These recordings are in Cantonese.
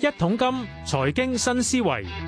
一桶金，財經新思維。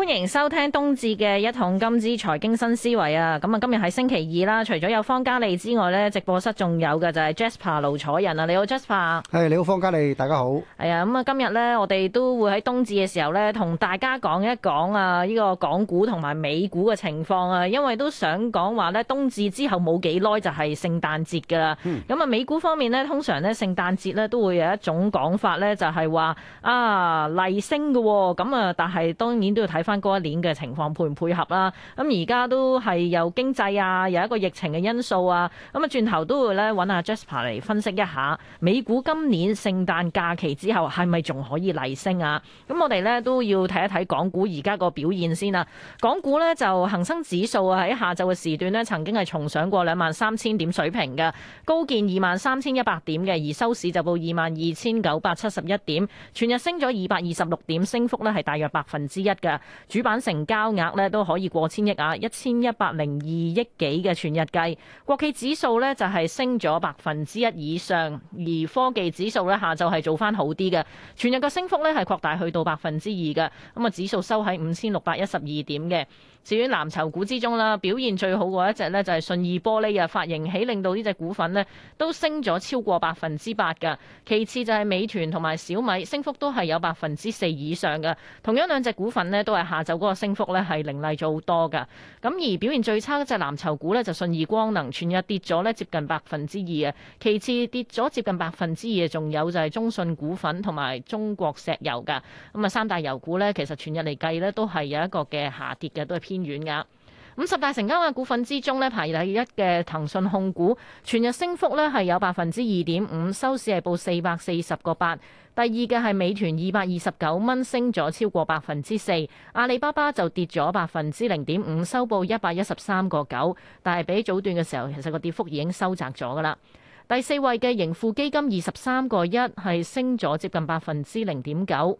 歡迎收聽冬至嘅一桶金之財經新思維啊！咁、嗯、啊，今日係星期二啦。除咗有方嘉利之外咧，直播室仲有嘅就係 Jasper 盧楚仁啊。你好，Jasper。係，你好，方嘉利，大家好。係、嗯嗯、啊，咁啊，今日咧，我哋都會喺冬至嘅時候咧，同大家講一講啊，呢個港股同埋美股嘅情況啊。因為都想講話咧，冬至之後冇幾耐就係聖誕節噶啦。咁、嗯、啊、嗯，美股方面咧，通常咧，聖誕節咧都會有一種講法咧，就係、是、話啊，利升嘅。咁啊，但係當然都要睇翻。翻、那、嗰、個、一年嘅情況配唔配合啦、啊？咁而家都係有經濟啊，有一個疫情嘅因素啊，咁啊轉頭都會咧揾阿 Jasper 嚟分析一下美股今年聖誕假期之後係咪仲可以嚟升啊？咁我哋咧都要睇一睇港股而家個表現先啦。港股呢，就恒生指數喺下晝嘅時段咧曾經係重上過兩萬三千點水平嘅，高見二萬三千一百點嘅，而收市就報二萬二千九百七十一點，全日升咗二百二十六點，升幅咧係大約百分之一嘅。主板成交額呢都可以過千億啊，一千一百零二億幾嘅全日計，國企指數呢就係升咗百分之一以上，而科技指數呢下晝係做翻好啲嘅，全日嘅升幅呢係擴大去到百分之二嘅，咁啊指數收喺五千六百一十二點嘅。至於藍籌股之中啦，表現最好嘅一隻呢，就係信義玻璃啊，發盈喜令到呢隻股份呢都升咗超過百分之八嘅。其次就係美團同埋小米，升幅都係有百分之四以上嘅。同樣兩隻股份呢，都係下晝嗰個升幅呢係凌厲咗好多嘅。咁而表現最差嗰隻藍籌股呢，就信義光能，全日跌咗呢接近百分之二嘅。其次跌咗接近百分之二嘅仲有就係中信股份同埋中國石油㗎。咁啊三大油股呢，其實全日嚟計呢，都係有一個嘅下跌嘅，都係偏。遠噶五十大成交嘅股份之中呢，排第一嘅騰訊控股，全日升幅呢係有百分之二點五，收市係報四百四十個八。第二嘅係美團，二百二十九蚊，升咗超過百分之四。阿里巴巴就跌咗百分之零點五，收報一百一十三個九。但係比起早段嘅時候，其實個跌幅已經收窄咗噶啦。第四位嘅盈富基金，二十三個一，係升咗接近百分之零點九。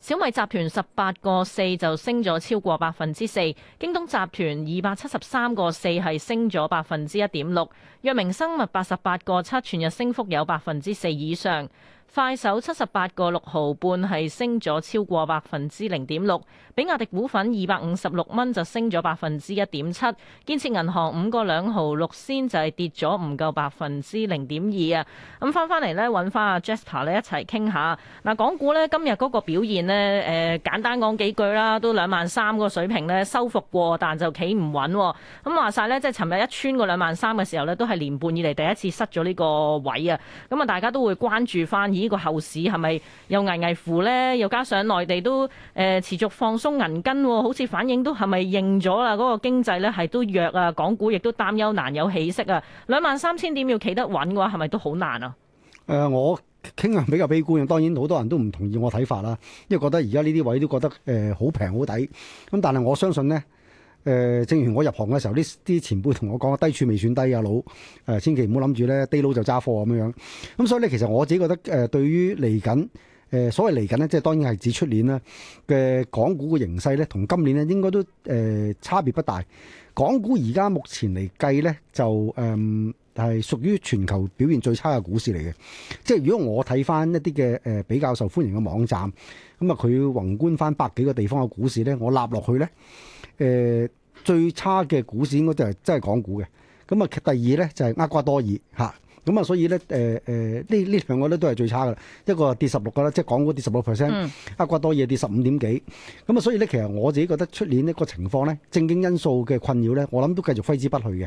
小米集團十八個四就升咗超過百分之四，京東集團二百七十三個四係升咗百分之一點六，藥明生物八十八個七全日升幅有百分之四以上。快手七十八個六毫半係升咗超過百分之零點六，比亞迪股份二百五十六蚊就升咗百分之一點七，建設銀行五個兩毫六仙就係跌咗唔夠百分之零點二啊！咁翻翻嚟呢，搵翻阿 Jasper 呢一齊傾下嗱，港股呢今日嗰個表現呢，誒簡單講幾句啦，都兩萬三個水平呢收復過，但就企唔穩咁話晒呢，即係尋日一穿過兩萬三嘅時候呢，都係年半以嚟第一次失咗呢個位啊！咁啊，大家都會關注翻。呢個後市係咪又危危乎呢？又加上內地都誒持續放鬆銀根喎，好似反映都係咪認咗啦？嗰個經濟咧係都弱啊，港股亦都擔憂難有起色啊！兩萬三千點要企得穩嘅話，係咪都好難啊？誒，我傾向比較悲觀，當然好多人都唔同意我睇法啦，因為覺得而家呢啲位都覺得誒好平好抵，咁但係我相信呢。誒、呃，正如我入行嘅時候，啲啲前輩同我講，低處未算低啊，老誒、呃，千祈唔好諗住咧，低佬就揸貨咁樣。咁、嗯、所以咧，其實我自己覺得誒、呃，對於嚟緊誒，所謂嚟緊咧，即係當然係指出年啦嘅港股嘅形勢咧，同今年咧應該都誒、呃、差別不大。港股而家目前嚟計咧，就誒係、呃、屬於全球表現最差嘅股市嚟嘅。即係如果我睇翻一啲嘅誒比較受歡迎嘅網站，咁、嗯、啊，佢宏觀翻百幾個地方嘅股市咧，我納落去咧，誒、呃。最差嘅股市應該就係、是、真係港股嘅，咁啊第二咧就係、是、厄瓜多爾嚇，咁啊所以咧誒誒呢呢兩個咧都係最差嘅，一個跌十六個啦，即係港股跌十六 percent，厄瓜多爾跌十五點幾，咁啊所以咧其實我自己覺得出年呢個情況咧，正經因素嘅困擾咧，我諗都繼續揮之不去嘅。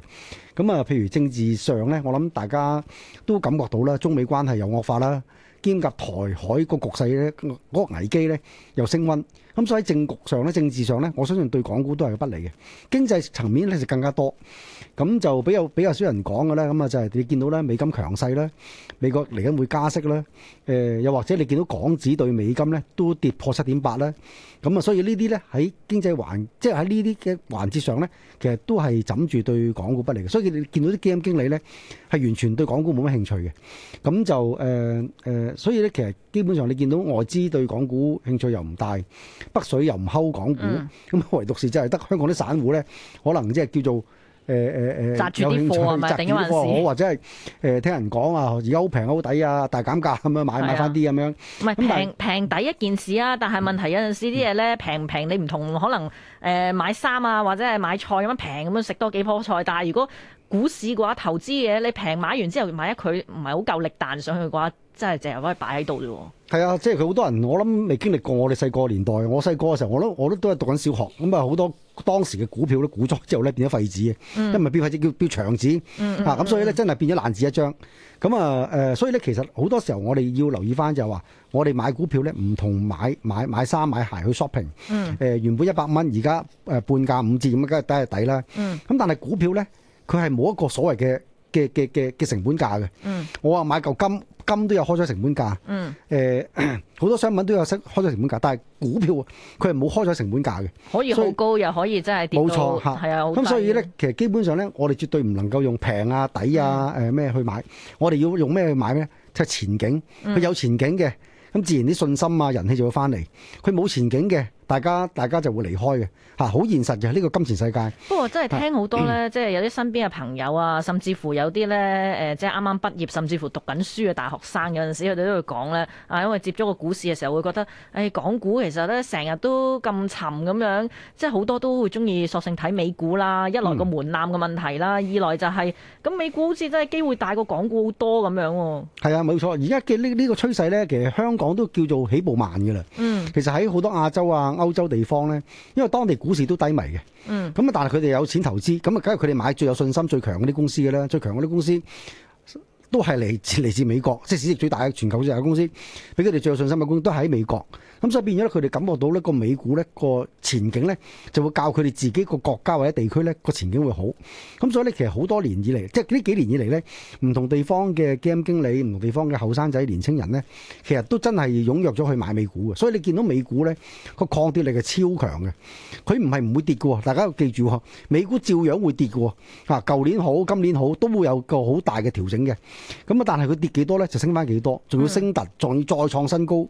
咁啊，譬如政治上咧，我諗大家都感覺到啦，中美關係又惡化啦，兼夾台海局勢、那個局勢咧，嗰個危機咧又升溫。咁所以喺政局上咧，政治上咧，我相信對港股都係不利嘅。經濟層面咧就更加多，咁就比較比較少人講嘅咧。咁啊就係你見到咧美金強勢啦，美國嚟緊會加息啦，誒、呃，又或者你見到港紙對美金咧都跌破七點八啦。咁啊，所以呢啲咧喺經濟環，即係喺呢啲嘅環節上咧，其實都係枕住對港股不利嘅。所以你見到啲基金經理咧係完全對港股冇乜興趣嘅。咁就誒誒、呃呃，所以咧其實基本上你見到外資對港股興趣又唔大。北水又唔溝港股，咁、嗯、唯獨是真係得香港啲散戶咧、呃呃啊嗯嗯，可能即係叫做誒誒誒，揸住啲貨啊，或者係誒聽人講啊，而家好平好抵啊，大減價咁樣買買翻啲咁樣。唔係平平抵一件事啊，但係問題有陣時啲嘢咧平唔平你唔同，可能誒買衫啊或者係買菜咁樣平咁樣食多幾棵菜，但係如果股市嘅話，投資嘅你平買完之後，萬一佢唔係好夠力彈上去嘅話。真係淨係可以擺喺度啫喎！係啊，即係佢好多人，我諗未經歷過我哋細個年代。我細個嘅時候，我都我都都係讀緊小學。咁啊，好多當時嘅股票都股足之後咧變咗廢紙嘅，一唔係變廢紙叫變牆紙。嗯嗯、啊，咁所以咧真係變咗爛紙一張。咁啊誒，所以咧其實好多時候我哋要留意翻就係話，我哋買股票咧唔同買買買衫買鞋去 shopping、嗯。誒、呃、原本一百蚊，而家誒半價五折咁梗係低係抵啦。咁、嗯、但係股票咧，佢係冇一個所謂嘅。嘅嘅嘅嘅成本價嘅、嗯，我話買嚿金金都有開咗成本價，誒、嗯、好、呃、多商品都有識開咗成本價，但係股票佢係冇開咗成本價嘅，可以好高以又可以真係跌到，係啊，咁所以咧，其實基本上咧，我哋絕對唔能夠用平啊、抵啊、誒、呃、咩去買，我哋要用咩去買即係、就是、前景，佢有前景嘅，咁自然啲信心啊、人氣就會翻嚟。佢冇前景嘅。大家大家就會離開嘅嚇，好、啊、現實嘅呢、呢個金錢世界。不過真係聽好多呢，嗯、即係有啲身邊嘅朋友啊，甚至乎有啲呢，誒、呃，即係啱啱畢業，甚至乎讀緊書嘅大學生的時候，有陣時佢哋都會講呢，啊，因為接觸個股市嘅時候會覺得，誒、哎、港股其實呢，成日都咁沉咁樣，即係好多都會中意索性睇美股啦。一來個門檻嘅問題啦，嗯、二來就係、是、咁美股好似真係機會大過港股好多咁樣喎。係啊，冇、啊、錯，而家嘅呢呢個趨勢呢，其實香港都叫做起步慢嘅啦。嗯，其實喺好多亞洲啊。歐洲地方呢，因為當地股市都低迷嘅，咁、嗯、啊，但係佢哋有錢投資，咁啊，梗係佢哋買最有信心、最強嗰啲公司嘅啦，最強嗰啲公司。都係嚟自嚟自美國，即係市值最大嘅全球上市公司，俾佢哋最有信心嘅公司，都喺美國。咁所以變咗咧，佢哋感覺到呢個美股呢個前景咧，就會教佢哋自己個國家或者地區咧個前景會好。咁所以咧，其實好多年以嚟，即係呢幾年以嚟咧，唔同地方嘅基金經理，唔同地方嘅後生仔、年青人咧，其實都真係踴躍咗去買美股嘅。所以你見到美股咧個抗跌力係超強嘅，佢唔係唔會跌喎。大家要記住喎，美股照樣會跌喎。啊，舊年好，今年好，都會有個好大嘅調整嘅。咁啊，但係佢跌幾多咧，就升翻幾多，仲要升突，仲要再創新高。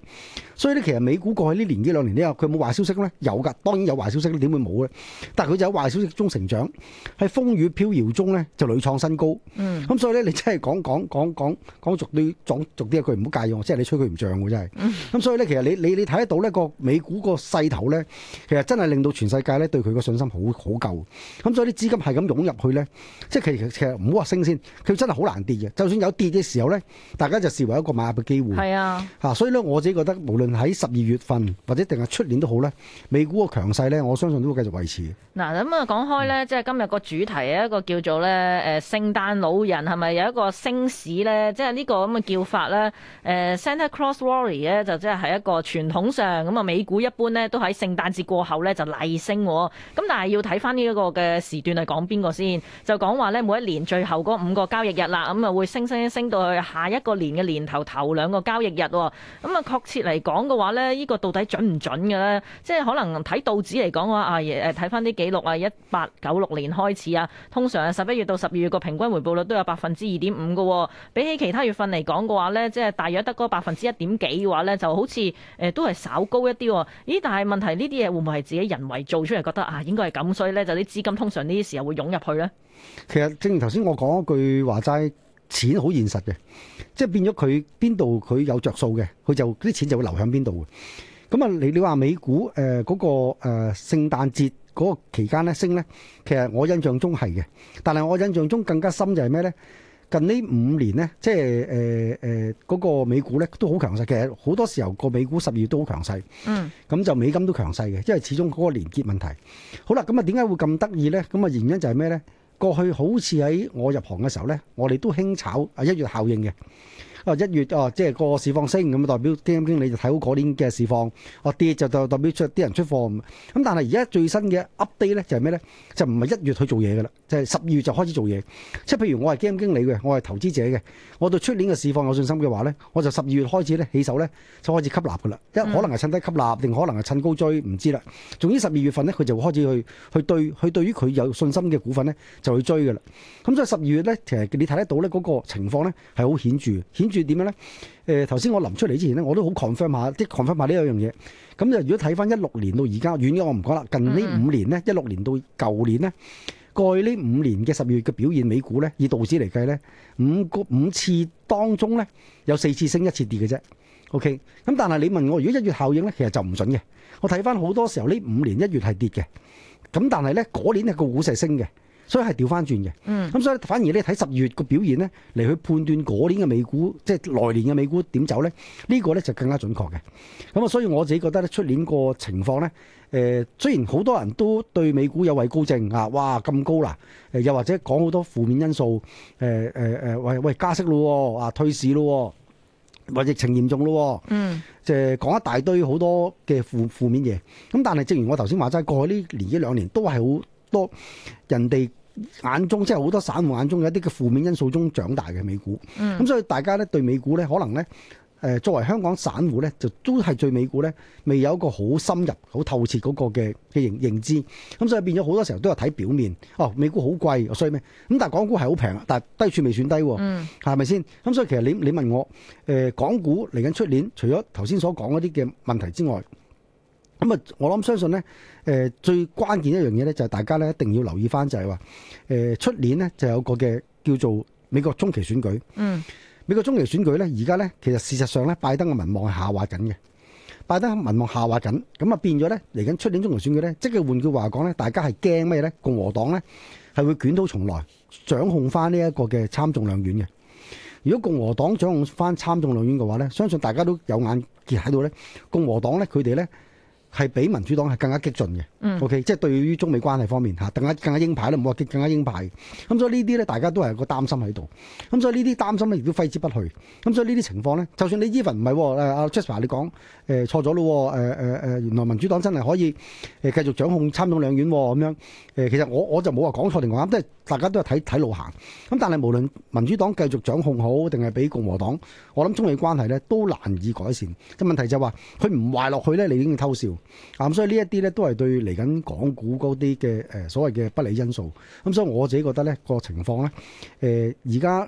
所以咧，其實美股過去呢年幾兩年咧，佢冇壞消息咧，有噶，當然有壞消息咧，點會冇咧？但係佢就喺壞消息中成長，喺風雨飄搖中咧，就屢創新高。嗯，咁所以咧，你真係講講講講講俗啲，講俗啲啊，佢唔好介意我，即係你吹佢唔漲嘅，真係。咁所以咧，其實你你你睇得到呢個美股個勢頭咧，其實真係令到全世界咧對佢個信心好好夠。咁所以啲資金係咁湧入去咧，即係其實其實唔好話升先，佢真係好難跌嘅，就算。有跌嘅時候呢，大家就視為一個買入嘅機會。係啊，嚇、啊！所以呢，我自己覺得，無論喺十二月份或者定係出年都好呢，美股嘅強勢呢，我相信都會繼續維持。嗱，咁、嗯、啊講開呢，即係今日個主題一個叫做呢誒、呃、聖誕老人係咪有一個升市呢？即係呢個咁嘅叫法呢誒、呃、Santa Claus rally 呢，就即係係一個傳統上咁啊、嗯，美股一般呢都喺聖誕節過後呢就例升。咁、嗯、但係要睇翻呢一個嘅時段嚟講邊個先，就講話呢，每一年最後嗰五個交易日啦，咁、嗯、啊會升。升升到去下一個年嘅年頭頭兩個交易日、哦，咁、嗯、啊，確切嚟講嘅話呢，呢、這個到底準唔準嘅呢？即係可能睇道指嚟講嘅話，啊誒，睇翻啲記錄啊，一八九六年開始啊，通常啊十一月到十二月個平均回報率都有百分之二點五嘅，比起其他月份嚟講嘅話呢，即係大約得嗰百分之一點幾嘅話呢，就好似誒、啊、都係稍高一啲。咦？但係問題呢啲嘢會唔會係自己人為做出嚟，覺得啊應該係咁，所以呢，就啲資金通常呢啲時候會湧入去呢。其實正如頭先我講一句話齋。錢好現實嘅，即係變咗佢邊度佢有着數嘅，佢就啲錢就會流向邊度嘅。咁啊，你你話美股誒嗰、呃那個誒、呃、聖誕節嗰個期間咧升咧，其實我印象中係嘅。但係我印象中更加深就係咩咧？近呢五年咧，即係誒誒嗰個美股咧都好強勢嘅，好多時候嗰個美股十二月都好強勢。嗯。咁就美金都強勢嘅，因為始終嗰個連結問題。好啦，咁啊點解會咁得意咧？咁啊原因就係咩咧？過去好似喺我入行嘅時候呢，我哋都興炒啊一月效應嘅。啊！一月哦，即係個市況升咁啊，代表基金經理就睇好嗰年嘅市況。啊跌就代代表出啲人出貨咁。咁但係而家最新嘅 update 咧就係咩咧？就唔係一月去做嘢噶啦，就係十二月就開始做嘢。即係譬如我係基金經理嘅，我係投資者嘅，我對出年嘅市況有信心嘅話咧，我就十二月開始咧起手咧就開始吸納噶啦。一可能係趁低吸納，定可能係趁高追，唔知啦。總之十二月份咧佢就會開始去去對佢對於佢有信心嘅股份咧就去追噶啦。咁所以十二月咧其實你睇得到咧嗰個情況咧係好顯著嘅。住點樣咧？誒、呃，頭先我臨出嚟之前咧，我都好 confirm 下，即 confirm 下呢樣嘢。咁就如果睇翻一六年到而家遠咗我唔講啦，近呢五年咧，一六年到舊年咧，過去呢五年嘅十二月嘅表現，美股咧以道指嚟計咧，五個五次當中咧有四次升一次跌嘅啫。OK，咁但係你問我如果一月效應咧，其實就唔準嘅。我睇翻好多時候呢五年一月係跌嘅，咁但係咧嗰年係個股市升嘅。所以係調翻轉嘅，咁、嗯、所以反而咧睇十二月個表現咧嚟去判斷嗰年嘅美股，即、就、係、是、來年嘅美股點走咧？呢、這個咧就更加準確嘅。咁啊，所以我自己覺得咧，出年個情況咧，誒、呃、雖然好多人都對美股有畏高症啊，哇咁高啦，誒、呃、又或者講好多負面因素，誒誒誒，喂喂加息咯、哦，啊退市咯、哦，或者疫情嚴重咯、哦，嗯，即係講一大堆好多嘅負負面嘢。咁但係正如我頭先話齋，過去呢年一兩年都係好多人哋眼中，即係好多散戶眼中有一啲嘅負面因素中長大嘅美股。咁、嗯嗯、所以大家咧對美股咧可能咧，誒作為香港散戶咧就都係對美股咧未有一個好深入、好透徹嗰個嘅嘅認認知，咁所以變咗好多時候都係睇表面，哦美股好貴，所以咩？咁但係港股係好平啊，但係低處未算低，係咪先？咁所以其實你你問我，誒、呃、港股嚟緊出年除咗頭先所講嗰啲嘅問題之外。咁啊，我諗相信咧，誒，最關鍵的一樣嘢咧，就係大家咧一定要留意翻，就係話，誒，出年呢，就有個嘅叫做美國中期選舉。嗯。美國中期選舉咧，而家咧其實事實上咧，拜登嘅民望係下滑緊嘅。拜登民望下滑緊，咁啊變咗咧嚟緊出年中期選舉咧，即係換句話講咧，大家係驚咩咧？共和黨咧係會捲土重來，掌控翻呢一個嘅參眾兩院嘅。如果共和黨掌控翻參眾兩院嘅話咧，相信大家都有眼見喺度咧，共和黨咧佢哋咧。係比民主黨係更加激進嘅，OK、嗯、即係對於中美關係方面嚇，更加更加鷹派啦，唔好話更加鷹派。咁所以這些呢啲咧，大家都係個擔心喺度。咁所以呢啲擔心咧，亦都揮之不去。咁所以呢啲情況咧，就算你 Even 唔係、哦，誒阿 Jasper 你講誒、呃、錯咗咯，誒誒誒，原來民主黨真係可以誒、呃、繼續掌控參眾兩院咁、哦、樣。誒、呃、其實我我就冇話講錯定講啱，即係大家都係睇睇路行。咁但係無論民主黨繼續掌控好，定係俾共和黨，我諗中美關係咧都難以改善。即係問題就係話佢唔壞落去咧，你已經偷笑。啊、嗯，咁所以呢一啲呢都係對嚟緊港股嗰啲嘅誒所謂嘅不利因素。咁所以我自己覺得呢個情況呢，誒而家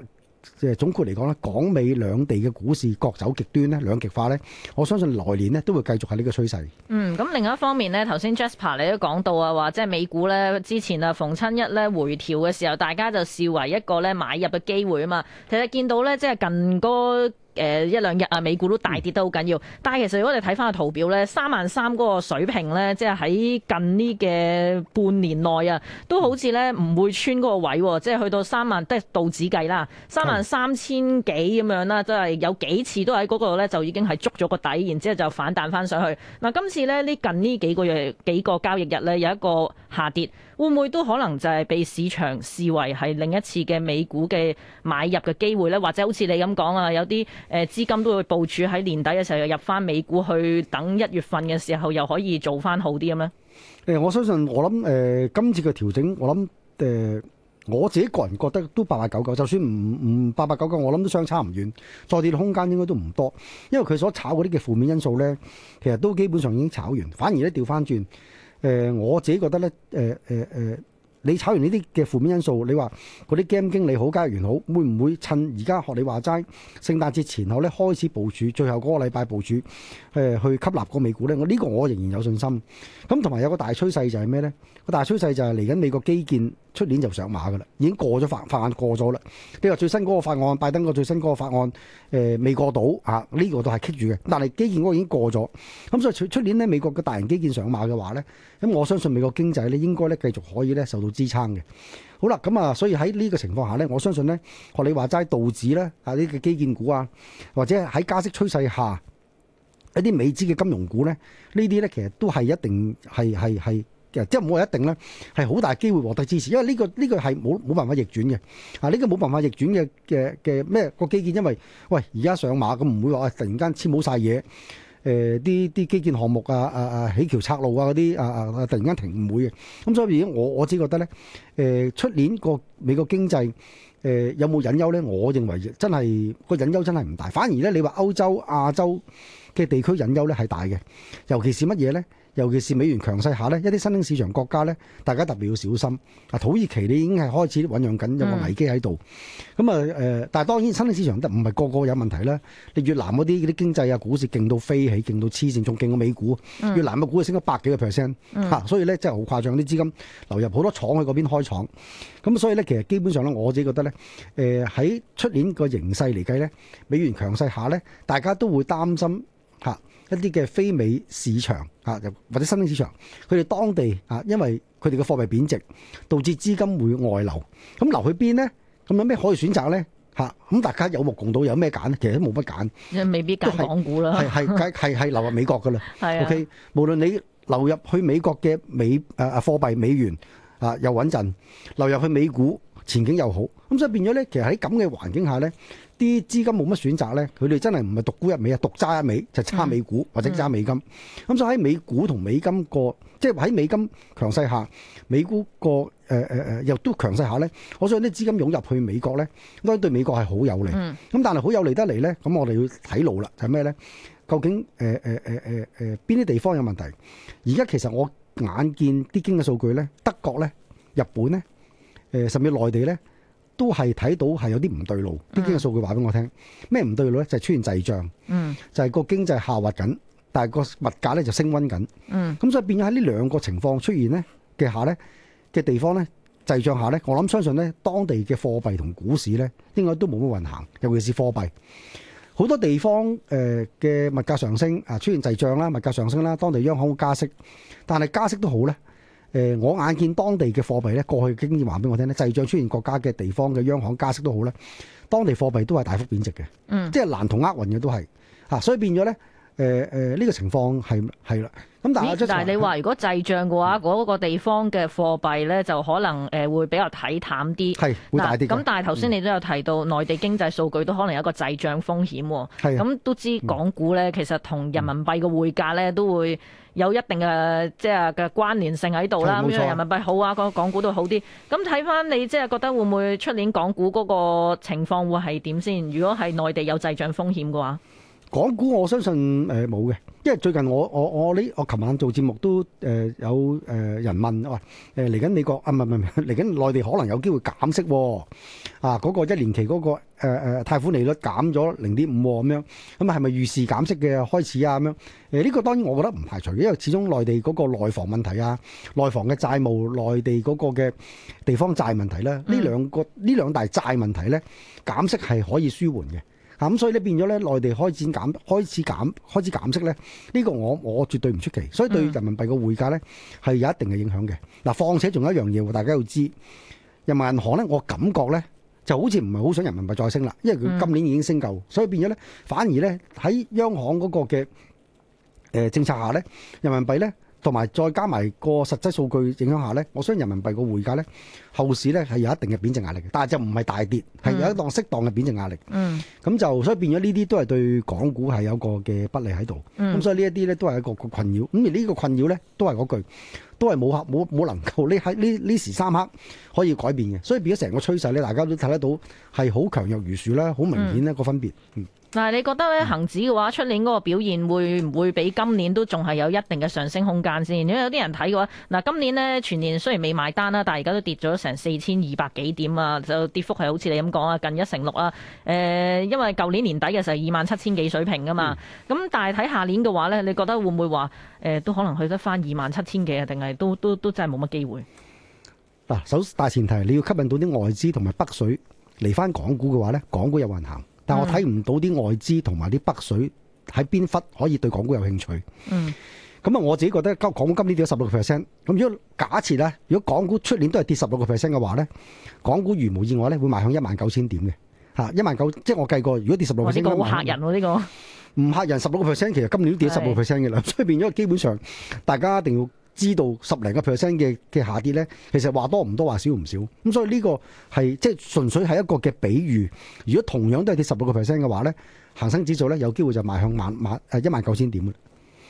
即係總括嚟講呢，港美兩地嘅股市各走極端呢，兩極化呢，我相信來年呢都會繼續係呢個趨勢。嗯，咁另一方面呢，頭先 Jasper 你都講到啊，話即係美股呢，之前啊逢親一呢回調嘅時候，大家就視為一個呢買入嘅機會啊嘛。其實見到呢，即係近個。誒一兩日啊，美股都大跌都好緊要。但係其實如果你睇翻個圖表咧，三萬三嗰個水平咧，即係喺近呢嘅半年內啊，都好似咧唔會穿嗰個位，即係去到三萬，即係道指計啦，三萬三千幾咁樣啦，即係有幾次都喺嗰個咧就已經係捉咗個底，然之後就反彈翻上去。嗱，今次咧呢近呢幾個月幾個交易日咧有一個下跌會唔會都可能就係被市場視為係另一次嘅美股嘅買入嘅機會呢？或者好似你咁講啊，有啲誒資金都會部署喺年底嘅時候入翻美股，去等一月份嘅時候又可以做翻好啲咁咧？我相信我諗誒、呃、今次嘅調整，我諗、呃、我自己個人覺得都八八九九，就算唔唔八八九九，我諗都相差唔遠，再跌嘅空間應該都唔多，因為佢所炒嗰啲嘅負面因素呢，其實都基本上已經炒完，反而咧調翻轉。誒、呃，我自己覺得咧，誒誒誒。呃呃你炒完呢啲嘅負面因素，你話嗰啲 game 經理好加入完好，會唔會趁而家學你話齋聖誕節前後咧開始部署，最後嗰個禮拜部署誒、呃、去吸納個美股咧？我、這、呢個我仍然有信心。咁同埋有個大趨勢就係咩咧？個大趨勢就係嚟緊美國基建出年就上馬噶啦，已經過咗法、法案過咗啦。你話最新嗰個法案，拜登個最新嗰個法案誒、呃、未過到啊？呢、這個都係棘住嘅。但係基建嗰個已經過咗，咁所以出出年咧美國嘅大型基建上馬嘅話咧，咁我相信美國經濟咧應該咧繼續可以咧受到，支撐嘅好啦，咁啊，所以喺呢個情況下咧，我相信咧學你話齋，道指咧啊呢個基建股啊，或者喺加息趨勢下一啲美資嘅金融股咧，這些呢啲咧其實都係一定係係係即係唔好話一定咧係好大機會獲得支持，因為呢個呢個係冇冇辦法逆轉嘅啊呢個冇辦法逆轉嘅嘅嘅咩個基建，因為喂而家上馬，咁唔會話啊突然間簽冇晒嘢。誒、啲啲基建項目啊啊啊，起橋拆路啊，嗰啲啊啊，突然間停唔會嘅，咁所以我我只覺得咧，誒、呃、出年個美國經濟誒、呃、有冇隱憂咧？我認為真係個隱憂真係唔大，反而咧，你話歐洲亞洲嘅地區隱憂咧係大嘅，尤其是乜嘢咧？尤其是美元強勢下咧，一啲新興市場國家咧，大家特別要小心。啊，土耳其你已經係開始醞釀緊一個危機喺度。咁、嗯、啊但係當然，新興市場得唔係個個有問題啦。你越南嗰啲啲經濟啊，股市勁到飛起，勁到黐線，仲勁過美股。嗯、越南嘅股市升咗百幾個 percent、嗯啊、所以咧真係好誇張，啲資金流入好多廠喺嗰邊開廠。咁所以咧，其實基本上咧，我自己覺得咧，喺、呃、出年個形勢嚟計咧，美元強勢下咧，大家都會擔心。一啲嘅非美市場啊，或者新興市場，佢哋當地啊，因為佢哋嘅貨幣貶值，導致資金會外流。咁流去邊呢？咁有咩可以選擇咧？嚇！咁大家有目共睹，有咩揀？其實都冇乜揀，未必揀港股啦，係係係係流入美國噶啦。 啊、o、okay? K，無論你流入去美國嘅美誒、啊、貨幣美元啊，又穩陣，流入去美股前景又好。咁所以變咗咧，其實喺咁嘅環境下咧。啲資金冇乜選擇咧，佢哋真係唔係獨沽一味，啊，獨揸一味，就揸、係、美股、嗯、或者揸美金。咁、嗯、所以喺美股同美金個，即係喺美金強勢下，美股個誒誒誒又都強勢下咧。我想啲資金湧入去美國咧，應該對美國係好有利。咁、嗯、但係好有利得嚟咧，咁我哋要睇路啦。係咩咧？究竟誒誒誒誒誒邊啲地方有問題？而家其實我眼見啲經濟數據咧，德國咧、日本咧、誒、呃、甚至內地咧。都係睇到係有啲唔對路，啲經濟數據話俾我聽，咩唔對路呢？就係、是、出現滯脹，就係、是、個經濟下滑緊，但係個物價呢就升溫緊。咁所以變咗喺呢兩個情況出現呢嘅下呢嘅地方呢，滯脹下呢，我諗相信呢當地嘅貨幣同股市呢應該都冇乜運行，尤其是貨幣。好多地方誒嘅物價上升啊，出現滯脹啦，物價上升啦，當地央行會加息，但係加息都好呢。誒、呃，我眼見當地嘅貨幣咧，過去的經驗話俾我聽咧，滯脹出現國家嘅地方嘅央行加息都好咧，當地貨幣都係大幅貶值嘅、嗯，即係難同厄運嘅都係嚇，所以變咗咧。誒、呃、誒、呢、呃這個情況係係啦。咁但係，但係你話如果滯脹嘅話，嗰、嗯那個地方嘅貨幣咧就可能誒會比較睇淡啲。係會大啲。咁但係頭先你都有提到、嗯、內地經濟數據都可能有一個滯脹風險。係。咁都知港股咧，其實同人民幣嘅匯價咧都會有一定嘅即係嘅關聯性喺度啦。咁樣人民幣好啊，港股都好啲。咁睇翻你即係覺得會唔會出年港股嗰個情況會係點先？如果係內地有滯脹風險嘅話？港股我相信誒冇嘅，因為最近我我我呢，我琴晚做節目都誒有誒人問喂誒嚟緊美國啊唔係，唔係嚟緊內地可能有機會減息喎，啊、嗰、嗰個一年期嗰、嗰個誒誒貸款利率減咗零點五咁樣，咁係咪預示減息嘅開始啊咁樣誒呢個當然我覺得唔排除，因為始終內地嗰個內房問題啊，內房嘅債務，內地嗰個嘅地方債問題咧，呢兩個呢兩、嗯、大債問題咧，減息係可以舒緩嘅。咁所以咧，變咗咧，內地開始減，開始減開始減息咧。呢、呢個我我絕對唔出奇，所以對人民幣嘅匯價咧係有一定嘅影響嘅。嗱，況且仲有一樣嘢，大家要知，人民銀行咧，我感覺咧就好似唔係好想人民幣再升啦，因為佢今年已經升夠，嗯、所以變咗咧，反而咧喺央行嗰個嘅、呃、政策下咧，人民幣咧。同埋再加埋個實際數據影響下咧，我相信人民幣個匯價咧後市咧係有一定嘅貶值壓力嘅，但係就唔係大跌，係有一檔適當嘅貶值壓力。嗯，咁、嗯、就所以變咗呢啲都係對港股係有個嘅不利喺度。咁、嗯、所以呢一啲咧都係一個個困擾。咁而呢個困擾咧都係嗰句，都係冇合冇冇能夠呢喺呢呢時三刻可以改變嘅。所以變咗成個趨勢咧，大家都睇得到係好強弱如樹啦，好明顯呢個分別。嗯。嗯。但嗱，你覺得咧恆指嘅話，出年嗰個表現會唔會比今年都仲係有一定嘅上升空間先？如果有啲人睇嘅話，嗱，今年呢全年雖然未埋單啦，但係而家都跌咗成四千二百幾點啊，就跌幅係好似你咁講啊，近一成六啊。誒，因為舊年年底嘅時候二萬七千幾水平㗎嘛，咁、嗯、但係睇下年嘅話呢，你覺得會唔會話誒、呃、都可能去得翻二萬七千幾啊？定係都都都真係冇乜機會？嗱，首先大前提你要吸引到啲外資同埋北水嚟翻港股嘅話呢，港股有運行。但係我睇唔到啲外資同埋啲北水喺邊忽可以對港股有興趣。嗯。咁啊，我自己覺得今港股今年跌咗十六個 percent。咁如果假設咧，如果港股出年都係跌十六個 percent 嘅話咧，港股如無意外咧，會邁向一萬九千點嘅。嚇！一萬九，即係我計過，如果跌十六個 percent，我覺得好嚇人喎呢個。唔嚇人，十六個 percent 其實今年都跌咗十六個 percent 嘅啦。所以變咗基本上大家一定要。知道十零個 percent 嘅嘅下跌咧，其實話多唔多話少唔少，咁所以呢個係即係純粹係一個嘅比喻。如果同樣都係跌十六個 percent 嘅話咧，恒生指數咧有機會就邁向萬萬誒一萬九千點。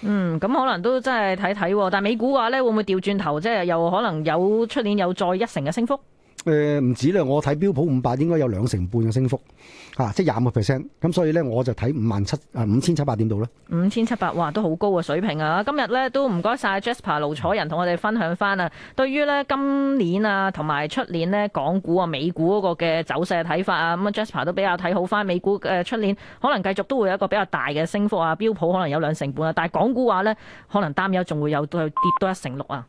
嗯，咁可能都真係睇睇，但係美股嘅話咧，會唔會調轉頭即係又可能有出年有再一成嘅升幅？誒、呃，唔止咧，我睇標普五百應該有兩成半嘅升幅，吓、啊，即係廿五個 percent。咁所以咧，我就睇五萬七啊，五千七百點度啦。五千七百哇，都好高嘅水平啊！今日咧都唔該晒 Jasper 盧楚仁同我哋分享翻啊，對於咧今年啊同埋出年咧港股啊美股嗰個嘅走勢嘅睇法啊，咁、嗯、Jasper 都比較睇好翻美股出、啊、年可能繼續都會有一個比較大嘅升幅啊，標普可能有兩成半啊，但係港股話咧可能擔憂仲會有會跌多一成六啊。